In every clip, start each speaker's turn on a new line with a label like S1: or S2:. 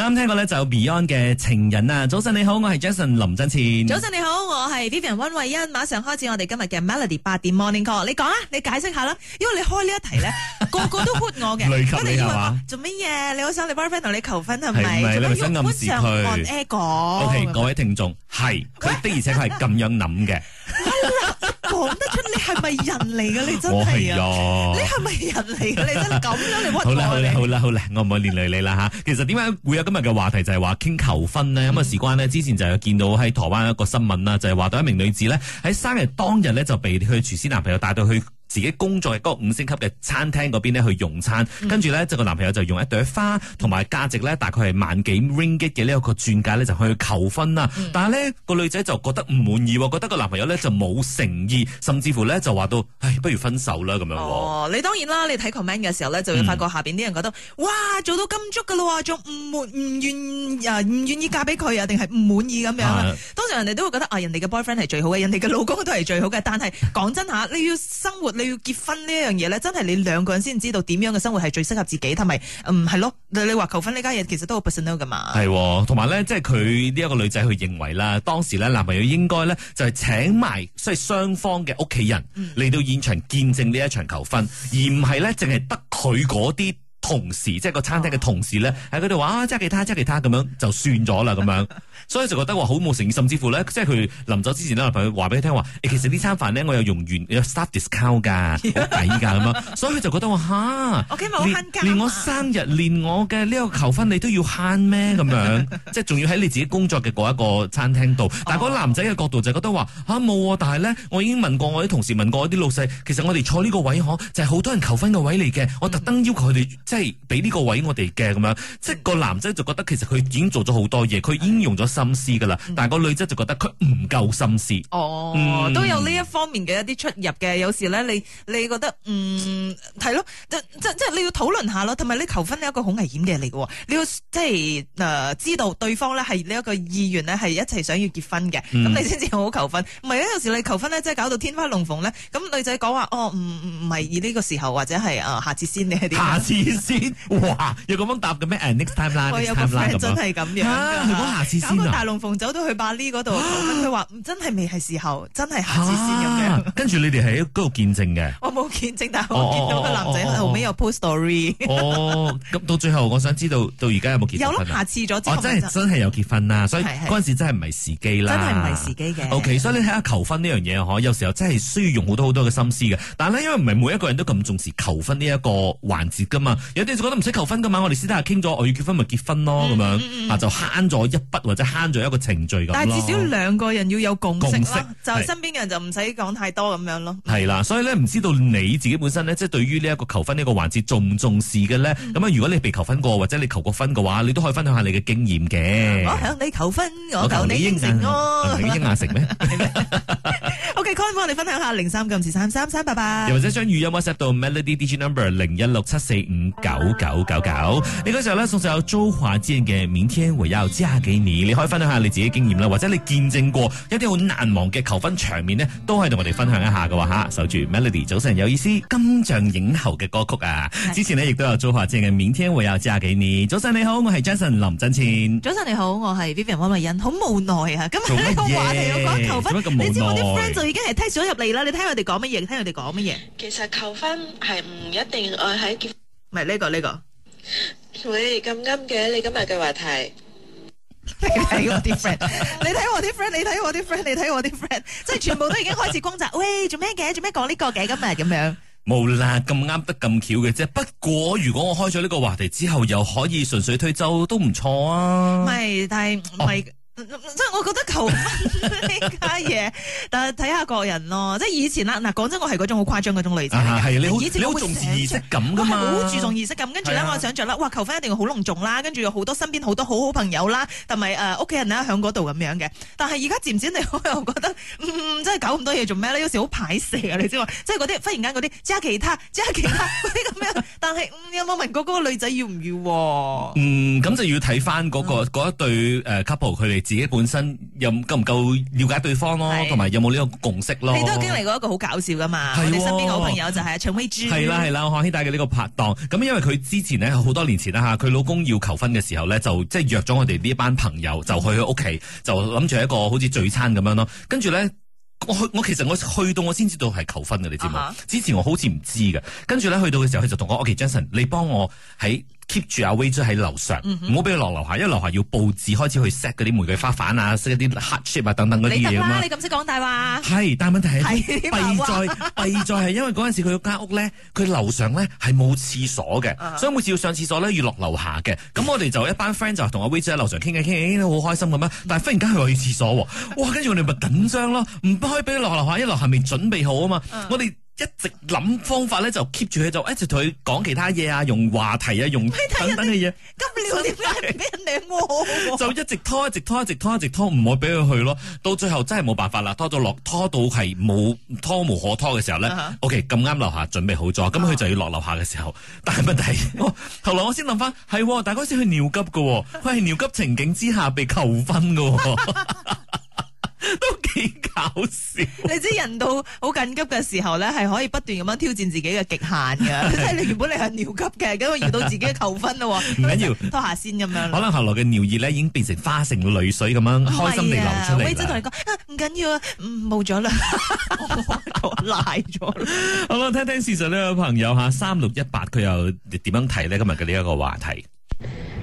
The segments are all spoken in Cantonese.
S1: 啱聽過咧就 Beyond 嘅情人啊，早晨你好，我係 Jason 林振前。早晨
S2: 你好，我係 Vivian 溫慧欣。馬上開始我哋今日嘅 Melody 八點 Morning Call，你講啊，你解釋下啦。因為你開呢一題咧，個個都 put 我嘅。雷及係嘛？做乜嘢？你好想你 boyfriend 同你求婚係咪？唔係你想暗示佢。OK，各
S1: 位聽眾係佢的而且確係咁樣諗嘅。
S2: 講 得出你係咪人嚟噶？你真係是啊！ 你係咪人嚟噶？你真係咁樣嚟屈我你 好。好啦好
S1: 啦好啦好啦，我唔好連累你啦吓。 其實點解會有今日嘅話題就係話傾求婚呢？咁啊、嗯，事關呢，之前就有見到喺台灣一個新聞啦，就係話到一名女子咧喺生日當日咧就被佢廚師男朋友帶到去。自己工作嘅個五星級嘅餐廳嗰邊去用餐，跟住、嗯、呢，就係個男朋友就用一朵花同埋價值咧大概係萬幾 ringgit 嘅呢一個鑽戒呢就去求婚啦。嗯、但係呢個女仔就覺得唔滿意喎，覺得個男朋友呢就冇誠意，甚至乎呢就話到，唉，不如分手啦咁樣、
S2: 哦、你當然啦，你睇 comment 嘅時候呢，就會發覺下邊啲人覺得，嗯、哇，做到咁足噶啦，仲唔滿唔願唔願意嫁俾佢啊，定係唔滿意咁樣。通常人哋都會覺得啊，人哋嘅 boyfriend 係最好嘅，人哋嘅老公都係最好嘅。但係講 真下，你要生活。你要結婚呢一樣嘢咧，真係你兩個人先知道點樣嘅生活係最適合自己，同埋，嗯，係咯，你話求婚呢家嘢，其實都好 personal 噶嘛。
S1: 係，同埋咧，即係佢呢一個女仔佢認為啦，當時咧男朋友應該咧就係請埋即係雙方嘅屋企人嚟到現場見證呢一場求婚，嗯、而唔係咧淨係得佢嗰啲。同事即係個餐廳嘅同事咧，喺佢度話啊，即係其他，即係其他咁樣就算咗啦咁樣，所以就覺得話好冇誠意，甚至乎咧，即係佢臨走之前咧，佢話俾佢聽話，誒，其實呢餐飯咧，我又用完有 staff discount 噶，抵噶咁樣，所以就覺得話吓，我連我生日，連我嘅呢個求婚你都要慳咩咁樣？即係仲要喺你自己工作嘅嗰一個餐廳度，但係嗰男仔嘅角度就覺得話吓冇，但係咧，我已經問過我啲同事，問過一啲老細，其實我哋坐呢個位可，就係好多人求婚嘅位嚟嘅，我特登要求佢哋。即係俾呢個位我哋嘅咁樣，即係個男仔就覺得其實佢已經做咗好多嘢，佢已經用咗心思噶啦。但係個女仔就覺得佢唔夠心思。
S2: 哦，嗯、都有呢一方面嘅一啲出入嘅。有時咧，你你覺得嗯係咯，即即即係你要討論下咯。同埋你求婚係一個好危險嘅嘢嚟嘅，你要即係誒知道對方咧係呢一個意願咧係一齊想要結婚嘅，咁、嗯、你先至好求婚。唔係有時你求婚咧即係搞到天花龍鳳咧，咁女仔講話哦唔唔係以呢個時候或者係誒、呃、下次先嘅啲。下次。
S1: 先哇，要咁樣答嘅咩？誒，next time 啦，next time 咁啊！真係咁樣，我下次先啊！搞個大
S2: 龍鳳走到去峇里嗰度求婚，佢話：真係未係時候，真係下次先咁
S1: 樣。跟住你哋係喺嗰度見證嘅。我冇見證，但
S2: 我見到個男仔後尾有 post story。哦，
S1: 咁到最後，我想知道到而家有冇結婚？有諗下次咗，真係真係有結婚啦！所以嗰陣時真係唔係時機啦，真係唔係時機嘅。OK，所以你睇下求婚呢樣嘢，可有時候真係需要用好多好多嘅心思嘅。但係咧，因為唔係每一個人都咁重視求婚呢一個環節噶嘛。有啲就覺得唔使求婚噶嘛，我哋私底下傾咗，我要結婚咪結婚咯咁樣，啊就慳咗一筆或者慳咗一個程序咁。但係至少
S2: 兩個人要有共識咯，就身邊嘅人就唔使講太多咁樣
S1: 咯。係啦，所以咧唔知道你自己本身咧，即係對於呢一個求婚呢一個環節重唔重視嘅咧？咁啊，如果你被求婚過或者你求過婚嘅話，你都可以分享下你嘅經驗嘅。我向你求婚，我求你應承咯。你應承咩
S2: ？OK，call 返我哋分享下零三九二三三三，拜拜。又或
S1: 者將語音 WhatsApp 到 Melody D G Number 零一六七四五。九九九九，你、這、嗰、個、時候咧，送上有周華健嘅《明天我要嫁給你》。你可以分享下你自己經驗啦，或者你見證過一啲好難忘嘅求婚場面呢，都可以同我哋分享一下嘅話吓。守住 Melody，早晨有意思，金像影後嘅歌曲啊！之前呢，亦都有周華健嘅《明天我要嫁給你》。早晨你好，我係 Jason 林振千。
S2: 早晨你好，我係 Vivian 汪麗欣。好無奈啊！咁呢個話題我,我講求婚，做乜咁無奈你知我啲 friend 就已經係聽咗入嚟啦。你聽佢哋講乜嘢？聽佢哋講乜嘢？其實求婚係唔一定愛喺結。唔係呢個呢個，喂，咁啱嘅，你今日嘅話題，你睇我啲 friend，你睇我啲 friend，你睇我啲 friend，你睇我啲 friend，即係全部都已經開始轟炸。喂，做咩嘅？做咩講呢個嘅？今日咁樣，
S1: 冇啦，咁啱得咁巧嘅啫。不過如果我開咗呢個話題之後，又可以順水推舟，都唔錯啊。唔係，
S2: 但係唔係。即係我覺得求婚呢家嘢，但係睇下個人咯。即係以前啦，嗱講真，我係嗰種誇張好誇張嗰種女仔嘅。以前好重視儀式感噶、啊、嘛，好注重儀式感。跟住咧，啊啊啊、我想象啦，哇，求婚一定好隆重啦，跟住有好多身邊好多好好朋友啦，同埋誒屋企人啦，響嗰度咁樣嘅。但係而家漸漸哋，我又覺得，真、嗯、係搞咁多嘢做咩咧？有時好排死啊，你知嘛？即係嗰啲忽然間嗰啲，即係其他，即係其他嗰啲咁樣。 但係有冇問過嗰個女仔要唔要？嗯，
S1: 咁就要睇翻嗰個嗰一對誒 couple 佢哋。自己本身有夠唔夠了解對方咯，同埋係有冇呢個共識咯？你都係經歷過一
S2: 個好搞笑噶嘛？你係、啊、身邊好朋友就係長尾豬。係啦係啦，
S1: 我好希帶嘅呢個拍檔。咁因為佢之前咧好多年前啦嚇，佢老公要求婚嘅時候咧，就即係約咗我哋呢班朋友，就去佢屋企，就諗住一個好似聚餐咁樣咯。跟住咧，我去我其實我去到我先知道係求婚嘅，你知嘛？Uh huh. 之前我好似唔知嘅。跟住咧，去到嘅時候，佢就同我：OK, Justin 你幫我喺。keep 住阿 w e e 喺樓上，唔好俾佢落樓下，因為樓下要布置，開始去 set 嗰啲玫瑰花瓣啊，set 一啲 hotship 啊等等嗰啲嘢你咁啊，你咁識講大話。係，但係問題係，弊在弊在係因為嗰陣時佢間屋咧，佢樓上咧係冇廁所嘅，所以每次要上廁所咧要落樓下嘅。咁我哋就一班 friend 就同阿 w e e 喺樓上傾偈傾下，傾好開心咁啊！但係忽然間佢要去廁所，哇！跟住我哋咪緊張咯，唔可以俾佢落樓下，一落下面準備好啊嘛。我哋。一直諗方法咧，就 keep 住佢，就一直同佢講其他嘢啊，用話題啊，用等等嘅嘢。咁尿尿翻俾人舐我， 就一直拖，一直拖，一直拖，一直拖，唔會俾佢去咯。到最後真係冇辦法啦，拖到落，拖到係冇拖無可拖嘅時候咧。OK，咁啱樓下準備好咗，咁佢、uh huh. 就要落樓下嘅時候，但係問題係。後來我先諗翻，係， 但係嗰時佢尿急噶，佢係尿急情景之下被求婚噶。
S2: 搞笑！你知人到好緊急嘅時候咧，係可以不斷咁樣挑戰自己嘅極限嘅。的即係你原本你係尿急嘅，咁我遇到自己嘅求婚啦，唔緊要，拖下先咁樣。可能後來嘅
S1: 尿液咧，已經變成花成淚水咁樣，啊、開心地流出嚟。我真係
S2: 同你講，唔緊要，冇咗啦，
S1: 瀨咗啦。好啦，聽聽事實呢個朋友吓三六一八佢又點樣提咧今日嘅呢一個話題。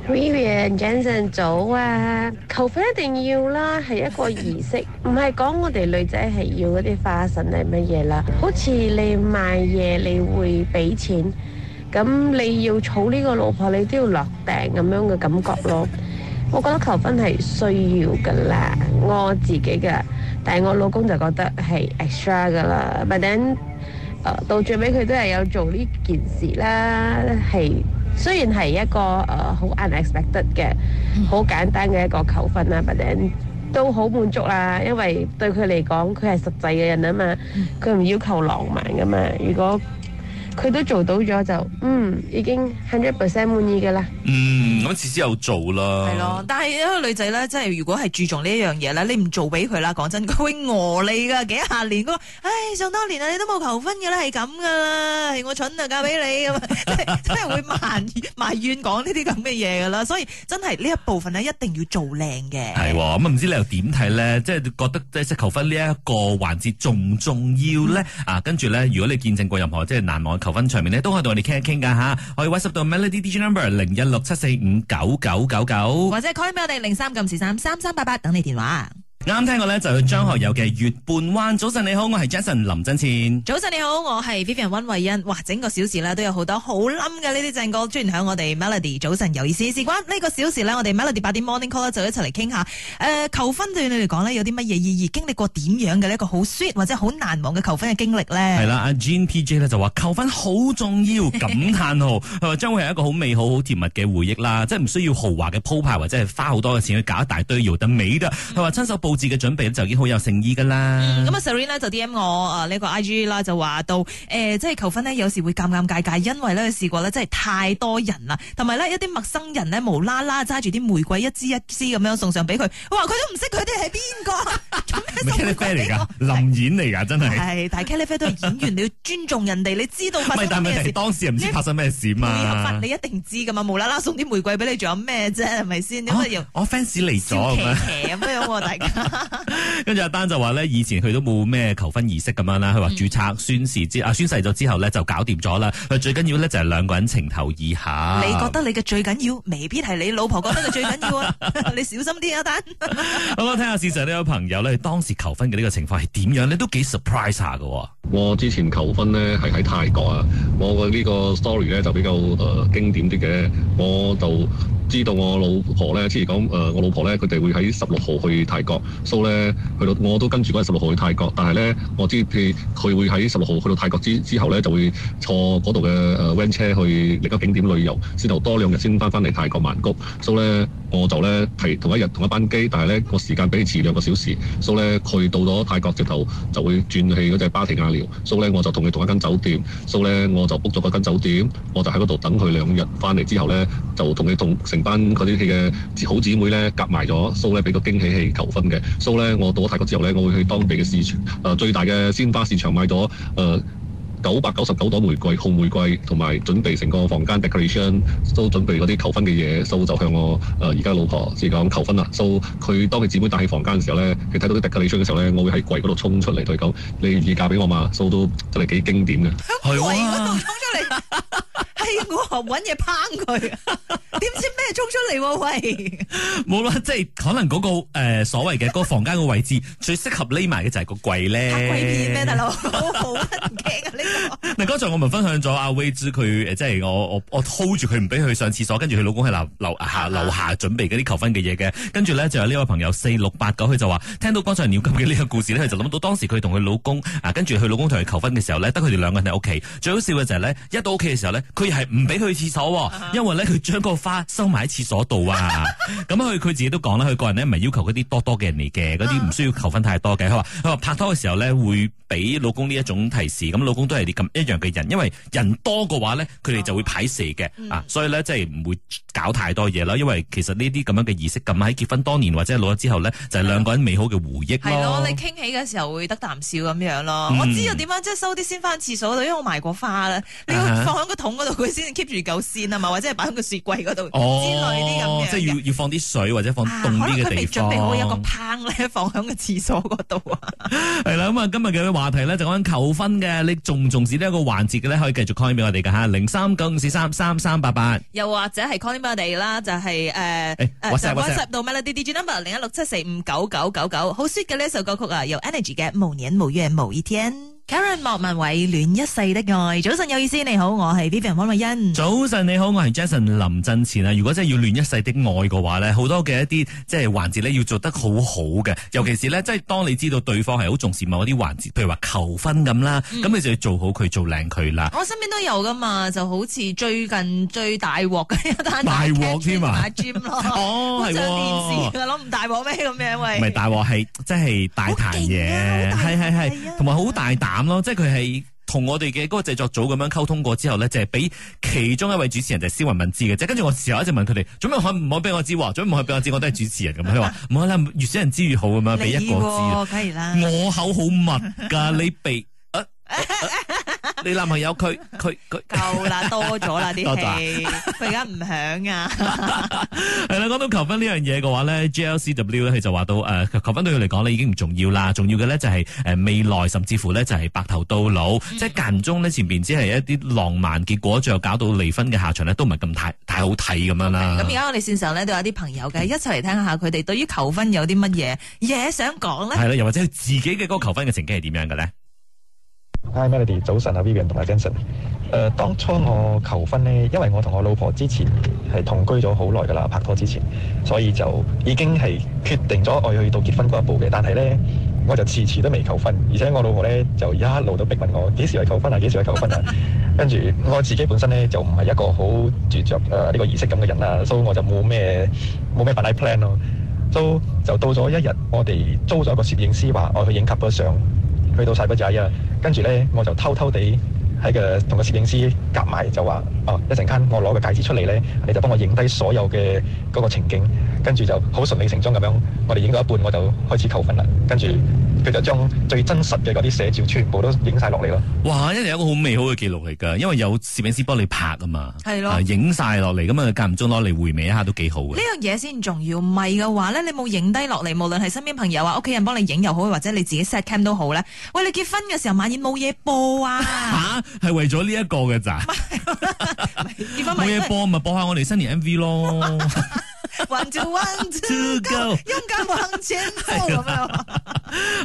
S2: William Janson 早啊！求婚一定要啦，係一個儀式，唔係講我哋女仔係要嗰啲花神係乜嘢啦。好似你賣嘢，你會俾錢，咁你要儲呢個老婆，你都要落訂，咁樣嘅感覺咯。我覺得求婚係需要噶啦，我自己嘅，但係我老公就覺得係 extra 噶啦。咪等到最尾佢都係有做呢件事啦，係。雖然係一個誒好 unexpected 嘅、好簡單嘅一個求婚啦，但係都好滿足啦，因為對佢嚟講，佢係實際嘅人啊嘛，佢唔要求浪漫㗎嘛，如果。佢都做到咗就嗯，已經 hundred percent 滿意嘅啦。
S1: 嗯，我次次有做啦。係咯，
S2: 但係一個女仔咧，真係如果係注重呢一樣嘢啦，你唔做俾佢啦，講真，佢會餓你噶幾下年嗰個。唉，想當年啊，你都冇求婚嘅咧，係咁噶啦，係我蠢啊，嫁俾你咁啊，即係即係會埋埋怨講呢啲咁嘅嘢噶啦。所以真係呢一部分咧，一定要做靚
S1: 嘅。係喎，咁啊唔知你又點睇咧？即係覺得即係求婚呢一個環節重唔重要咧？啊，跟住咧，如果你見證過任何即係難忘。求婚場面咧，都可以同我哋傾一傾噶吓，可以 WhatsApp 到 Melody DJ number 零一六七四五九九九九，或
S2: 者 call 俾我哋零三九四三三三八八，等你電話。
S1: 啱聽過咧就張學友嘅月半彎。早晨你好，我係 Jason 林振千。
S2: 早晨你好，我係 Vivian 温慧欣。哇，整個小時呢，都有好多好冧嘅呢啲正歌，專響我哋 Melody。早晨有意思。事關呢個小時咧，我哋 Melody 八點 Morning Call 就一齊嚟傾下。誒、呃，求婚對你嚟講咧有啲乜嘢意義？經歷過點樣嘅一個好 sweet 或者好難忘嘅求婚嘅經歷呢？係啦，
S1: 阿 Jean P J 呢就話求婚好重要。感嘆號佢話將會係一個好美好、好甜蜜嘅回憶啦，即係唔需要豪華嘅鋪排或者係花好多嘅錢去搞一大堆搖凳美嘅。佢話親手布。自己準備就已經好有誠意噶啦。咁啊
S2: Siri 咧就 D M 我啊呢、呢個 I G 啦，就話到誒，即係求婚呢，有時會尷尷尬尬，因為咧試過呢，真係太多人啦，同埋呢，一啲陌生人呢，無啦啦揸住啲玫瑰一支一支咁樣送上俾佢，哇我佢都唔識佢哋係邊個？
S1: 係 Kelly Face 嚟噶，是臨演嚟噶，真係
S2: 但係 Kelly Face 都係演員， 你要尊重人哋，你知道發 但係咪係
S1: 當時唔知發生咩事嘛？你，無無你一
S2: 定知噶嘛？無啦啦送啲玫瑰俾你，做咩啫？係咪先？點解又
S1: 我 fans 嚟咗咁
S2: 樣？大家。
S1: 跟住 阿丹就話咧，以前佢都冇咩求婚儀式咁樣啦。佢話註冊宣誓之啊宣誓咗之後咧就搞掂咗啦。佢 最緊要咧就係兩個人情投意合。你覺
S2: 得你嘅最緊要，未必係你老婆覺得嘅最緊
S1: 要
S2: 啊！ 你小心啲啊，丹
S1: 好啦，睇下現場呢，有朋友咧，當時求婚嘅呢個情況係點樣咧，都幾 surprise 下噶。
S3: 我之前求婚咧係喺泰國啊，我嘅呢個 story 咧就比較誒經典啲嘅，我就。知道我老婆呢，即係講誒，我老婆呢，佢哋會喺十六號去泰國，so 呢，去到我都跟住嗰日十六號去泰國，但係呢，我知佢佢會喺十六號去到泰國之之後呢，就會坐嗰度嘅誒 van 車去另一景點旅遊，先頭多兩日先翻返嚟泰國曼谷，so 呢，我就呢，係同一日同一班機，但係呢個時間比佢遲兩個小時。So 呢，佢到咗泰國接頭就會轉去嗰隻巴提亞寮。So 呢，我就同佢同一間酒店。So 呢，我就 book 咗嗰間酒店，我就喺嗰度等佢兩日。翻嚟之後呢，就同佢同成班嗰啲佢嘅好姊妹呢夾埋咗。So 呢，俾個驚喜佢求婚嘅。So 呢，我到咗泰國之後呢，我會去當地嘅市場，誒、呃、最大嘅鮮花市場買咗誒。呃九百九十九朵玫瑰，紅玫瑰，同埋準備成個房間 decoration，都準備嗰啲求婚嘅嘢。蘇就向我，誒而家老婆，即係講求婚啦。蘇、so, 佢當佢姊妹帶起房間嘅時候咧，佢睇到啲 decoration 嘅時候咧，我會喺櫃嗰度衝出嚟，對佢講：你願意嫁俾我嘛？蘇、so, 都真係幾經典嘅。係
S1: 喎、啊，衝出嚟。
S2: 我搵嘢抨佢，點 知咩衝出嚟？喂，
S1: 冇啦，即係可能嗰、嗰個誒、呃、所謂嘅嗰 個房間嘅位置最適合匿埋嘅就係個櫃咧。鬼片咩大佬，好驚啊呢個。嗱剛才我咪分享咗阿威之佢即係我我我 hold 住佢唔俾佢上廁所，跟住佢老公喺樓樓下樓下準備嗰啲求婚嘅嘢嘅。跟住咧就有呢位朋友四六八九，佢就話聽到剛才尿急嘅呢個故事咧，佢就諗到當時佢同佢老公啊，跟住佢老公同佢求婚嘅時候咧，得佢哋兩個人喺屋企。最好笑嘅就係咧，一到屋企嘅時候咧，佢係唔俾佢去廁所，啊、哈因為咧佢將個花收埋喺廁所度啊！咁佢佢自己都講啦，佢個人咧唔係要求嗰啲多多嘅人嚟嘅，嗰啲唔需要求婚太多嘅。佢話佢話拍拖嘅時候咧會俾老公呢一種提示，咁老公都係啲咁一樣嘅人，因為人多嘅話咧佢哋就會排蛇嘅，啊！嗯、所以咧即係唔會搞太多嘢啦，因為其實呢啲咁樣嘅儀式咁喺結婚當年或者係老咗之後咧就係兩個人美好嘅回憶咯。係咯，你
S2: 傾起嘅時候會得啖笑咁樣咯。我知道點、嗯、樣即係收啲先翻廁所度，因為我買過花啦，你要放喺個桶嗰度。啊先 keep 住舊線啊嘛，或者係擺喺個雪櫃嗰度、oh，之類啲咁嘅。即係
S1: 要要放啲水或者放凍啲嘅地方。啊、可能佢未
S2: 準備好一個烹咧， 放喺個廁所嗰度
S1: 啊。係 啦，咁、嗯、啊，今日嘅話題咧就講求婚嘅，你重唔重視呢一個環節嘅咧？可以繼續 call 俾我哋嘅嚇零三九五四三三三八八。
S2: 又或者係 call 俾我哋啦，就係誒誒九百十到 my little DJ number 零一六七四五九九九九。好 sweet 嘅呢首歌曲啊，由 Energy 嘅某年某月某一天。Karen 莫文蔚戀一世的愛，早晨有意思，你好，我係 Vivian
S1: 王麗欣。早晨你好，我係 Jason 林振前啊。如果真係要戀一世的愛嘅話咧，好多嘅一啲即係環節咧，要做得好好嘅，尤其是咧，即係當你知道對方係好重視某一啲環節，譬如話求婚咁啦，咁你就要做好佢做靚佢啦。
S2: 我身邊都有噶嘛，就好似最近最大鑊嘅一單大鑊添啊，哦，係電視諗唔大鑊咩咁樣喂？唔係大
S1: 鑊，係即係大壇嘢，係係係，同埋好大膽。咯，即係佢係同我哋嘅嗰個製作組咁樣溝通過之後咧，就係、是、俾其中一位主持人就施、是、雲文，文知嘅，即係跟住我事後一直問佢哋，做咩可唔可俾我知？話做咩唔可俾我知？我都係主持人，咁佢話唔好啦，越少人知越好啊嘛，俾一個知，哦、我口好密噶，你鼻。啊啊 你男
S2: 朋
S1: 友佢佢佢夠啦， 多咗啦啲氣，佢而家唔響啊。 係啦，講到求婚呢樣嘢嘅話咧 GLCW 咧，佢就話到誒，求婚對佢嚟講已經唔重要啦。重要嘅咧就係誒未來，甚至乎咧就係白頭到老。嗯、即係間中咧前邊只係一啲浪漫，結果最後搞到離婚嘅下場咧都唔係咁太太好睇咁樣啦。咁
S2: 而家我哋線上咧都有啲朋友嘅，一齊嚟聽下佢哋對於求婚有啲乜嘢嘢想講咧？係
S1: 啦，又或者佢自己嘅嗰個求婚嘅情景係點樣嘅咧？
S3: Hi，Melody，早晨啊，Vivian 同埋 Jason。誒，uh, 當初我求婚咧，因為我同我老婆之前係同居咗好耐噶啦，拍拖之前，所以就已經係決定咗我要去到結婚嗰一步嘅。但係咧，我就遲遲都未求婚，而且我老婆咧就一路都逼問我幾時去求婚啊，幾時去求婚啊。 跟住我自己本身咧就唔係一個好住着誒呢、呃這個儀式咁嘅人啊，所以我就冇咩冇咩 plan 咯。都、so, 就到咗一日，我哋租咗個攝影師，話我去影幾張相，去到晒筆仔啊。跟住呢，我就偷偷地喺個同個攝影師夾埋，就話：哦，一陣間我攞個戒指出嚟呢，你就幫我影低所有嘅嗰個情景。跟住就好順理成章咁樣，我哋影到一半我就開始求婚啦。跟住。佢就將最真實嘅嗰啲寫照全部都影曬落嚟咯。
S1: 哇！一定係一個好美好嘅記錄嚟噶，因為有攝影師幫你拍噶嘛。係咯的，影晒落嚟，咁啊間唔中攞嚟回味一下都幾好嘅。
S2: 呢樣嘢先重要，唔係嘅話咧，你冇影低落嚟，無論係身邊朋友啊、屋企人幫你影又好，或者你自己 set cam 都好咧。喂，你結婚嘅時候晚宴冇嘢播啊！吓、啊，
S1: 係為咗呢 一個嘅咋？冇嘢播咪播下我哋新年 M V 咯。勇敢往前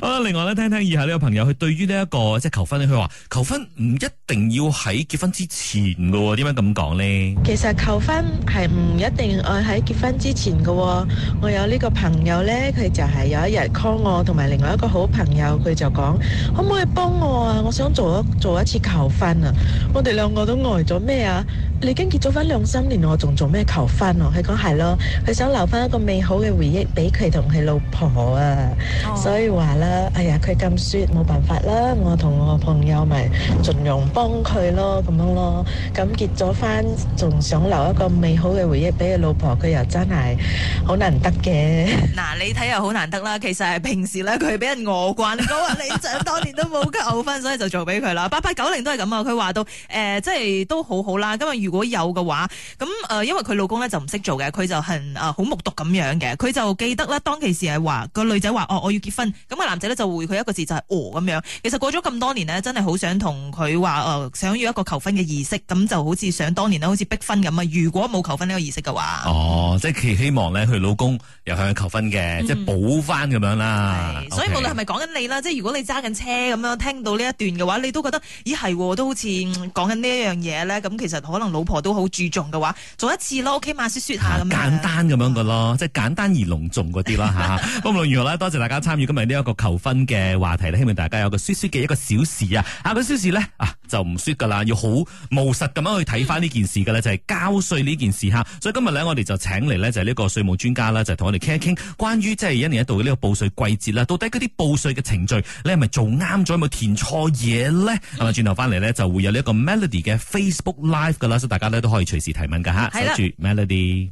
S1: 好！另外咧，聽聽以下呢個朋友，佢對於呢一個即係求婚咧，佢話求婚唔一定要喺結婚之前噶，點解咁講呢？
S2: 其實求婚係唔一定愛喺結婚之前噶，哦。我有呢個朋友呢，佢就係有一日 call 我，同埋另外一個好朋友，佢就講，可唔可以幫我啊？我想做一做一次求婚啊！我哋兩個都呆咗，咩啊？你已經結咗婚兩三年，我仲做咩求婚啊？佢講，係咯，佢想留返一個美好嘅回憶俾佢同佢老婆啊，哦，所以啦，哎呀，佢咁説冇辦法啦，我同我朋友咪盡量幫佢咯，咁樣咯，咁結咗婚仲想留一個美好嘅回憶俾佢老婆，佢又真係好難得嘅。嗱、啊，你睇又好難得啦，其實係平時啦，佢俾人餓慣，嗰你想當年都冇嘅求婚， 所以就做俾佢啦。八八九零都係咁啊，佢話到誒、呃，即係都好好啦。咁啊，如果有嘅話，咁誒、呃，因為佢老公咧就唔識做嘅，佢就係誒好目睹咁樣嘅，佢就記得啦，當其時係話、個女仔話哦，我要結婚。咁個男仔咧就回佢一個字就係「哦」。咁樣。其實過咗咁多年呢，真係好想同佢話誒，想要一個求婚嘅儀式。咁就好似想當年咧，好似逼婚咁啊。如果冇求婚呢個儀式嘅話，
S1: 哦，即係希望咧，佢老公又向佢求婚嘅，即係補翻咁樣啦。所以無
S2: 論係咪講緊你啦，即係如果你揸緊車咁樣聽到呢一段嘅話，你都覺得咦係都好似講緊呢一樣嘢呢。咁其實可能老婆都好注重嘅話，做一次咯，OK 嗎？先説下咁、啊、樣
S1: 簡單咁樣嘅咯，即係、啊、簡單而隆重嗰啲啦嚇。咁無論如何咧，多謝大家參與今日呢、這個一個求婚嘅話題咧，希望大家有個說說嘅一個小事啊。下個小事咧啊就唔說噶啦，要好務實咁樣去睇翻呢件事噶啦，就係、是、交稅呢件事哈。所以今日咧，我哋就請嚟咧就係呢個稅務專家啦，就同、是、我哋傾一傾關於即係一年一度嘅呢個報稅季節啦，到底嗰啲報稅嘅程序，你係咪做啱咗，有冇填錯嘢咧？咁啊轉頭翻嚟咧就會有呢一個 Melody 嘅 Facebook Live 噶啦，所以大家咧都可以隨時提問噶吓，守住 Melody。的